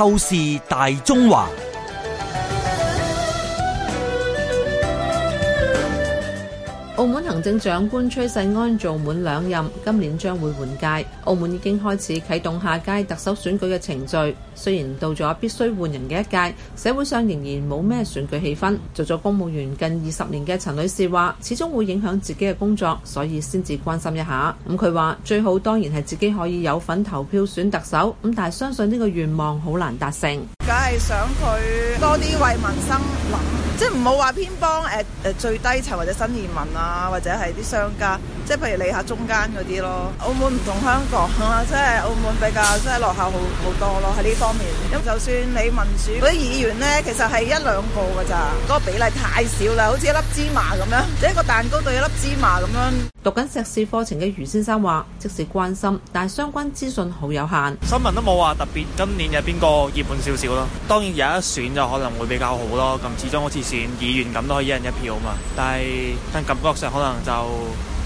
透視大中華。澳門行政長官崔世安做滿兩任，今年將會換屆。澳門已經開始啟動下屆特首選舉嘅程序，雖然到咗必須換人嘅一屆，社會上仍然冇咩選舉氣氛。做咗公務員近二十年嘅陳女士話，始終會影響自己嘅工作，所以先至關心一下。咁佢話最好當然係自己可以有份投票選特首，咁但係相信呢個願望好難達成。梗係想佢多啲為民生諗。即係唔好話偏幫誒誒最低層或者新移民啊，或者係啲商家，即係譬如理下中間嗰啲咯。澳門唔同香港啊，即係澳門比較即係落後好好多咯喺呢方面。咁就算你民主嗰啲議員咧，其實係一兩個噶咋，嗰個比例太少啦，好似一粒芝麻咁樣，一個蛋糕對一粒芝麻咁樣。讀緊碩士課程嘅余先生話，即使關心，但係相關資訊好有限，新聞都冇話特別。今年有邊個熱門少少咯？當然有一選就可能會比較好咯。咁始終好似。議員咁都可以一人一票啊嘛，但係但感覺上可能就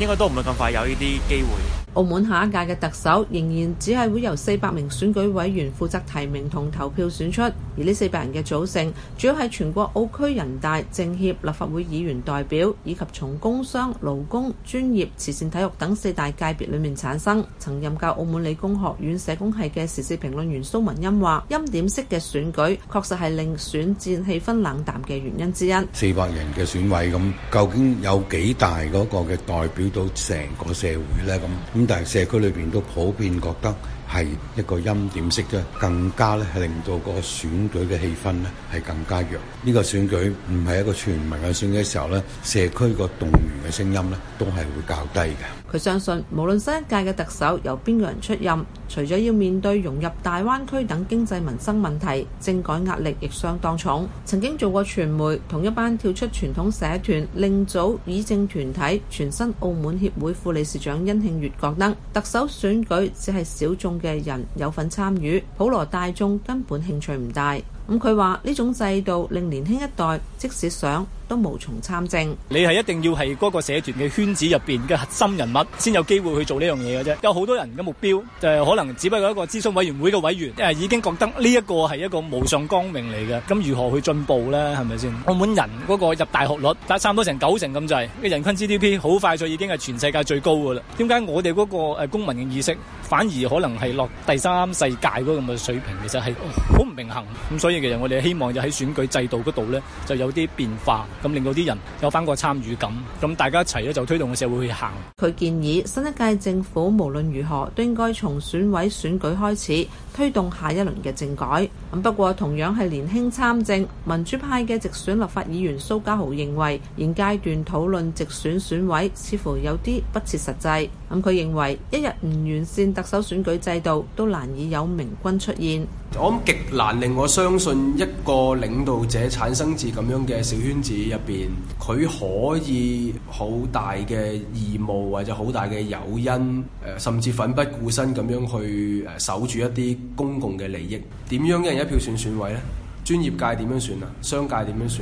應該都唔會咁快有呢啲機會。澳門下一屆嘅特首仍然只係會由四百名選舉委員負責提名同投票選出，而呢四百人嘅組成主要係全國澳區人大政協立法會議員代表，以及從工商、勞工、專業、慈善、體育等四大界別裏面產生。曾任教澳門理工學院社工系嘅時事評論員蘇文欣話，欽點式嘅選舉確實係令選戰氣氛冷淡嘅原因之一。四百人嘅選委咁，究竟有幾大嗰個嘅代表到成個社會呢？咁但係社區裏邊都普遍覺得，係一個欽點式啫，更加咧係令到個選舉嘅氣氛呢係更加弱呢、呢個選舉唔係一個全民嘅選舉嘅時候呢，社區個動員嘅聲音呢都係會較低嘅。佢相信無論新一屆嘅特首由邊個人出任，除咗要面對融入大灣區等經濟民生問題，政改壓力亦相當重。曾經做過傳媒同一班跳出傳統社團另組議政團體全新澳門協會副理事長殷慶月覺得特首選舉只係小眾嘅人有份參與，普羅大眾根本興趣唔大。咁佢話呢種制度令年輕一代即使想都無從參政。你係一定要係嗰個社團嘅圈子入邊嘅核心人物先有機會去做呢樣嘢嘅啫。有好多人嘅目標就係可能只不過一個諮詢委員會嘅委員，誒已經覺得呢一個係一個無上光明嚟嘅。咁如何去進步呢？係咪先？澳門人嗰個入大學率但差唔多成九成咁滯嘅人均 GDP 好快就已經係全世界最高噶啦。點解我哋嗰個誒公民嘅意識？反而可能係落第三世界嗰個咁嘅水平，其實係好唔平衡咁，所以其實我哋希望就喺選舉制度嗰度咧，就有啲變化，咁令到啲人有翻個參與感，咁大家一齊咧就推動個社會去行。佢建議新一屆政府無論如何，都應該從選委選舉開始推動下一輪嘅政改。咁不過同樣係年輕參政民主派嘅直選立法議員蘇嘉豪認為現階段討論直選選委似乎有啲不切實際，咁佢認為一日唔完善。特首選舉制度都難以有明君出現。我諗極難令我相信一個領導者產生自咁樣嘅小圈子入邊，佢可以好大嘅義務或者好大嘅誘因，甚至奮不顧身咁樣去守住一啲公共嘅利益。點樣一人一票選選委呢？專業界點樣選啊？商界點樣選？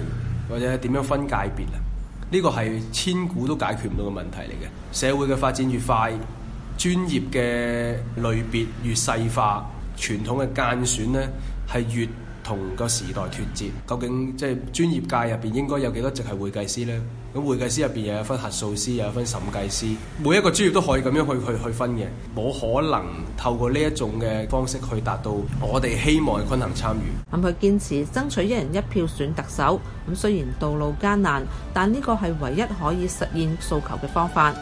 或者點樣分界別啊？呢個係千古都解決唔到嘅問題嚟嘅。社會嘅發展越快，專業嘅類別越細化，傳統嘅間選呢係越同個時代脫節。究竟即係專業界入邊應該有幾多席係會計師呢？咁會計師入邊又有分核數師，又有分審計師，每一個專業都可以咁樣去去去分嘅，冇可能透過呢一種嘅方式去達到我哋希望嘅均衡參與。咁佢堅持爭取一人一票選特首，咁雖然道路艱難，但呢個係唯一可以實現訴求嘅方法。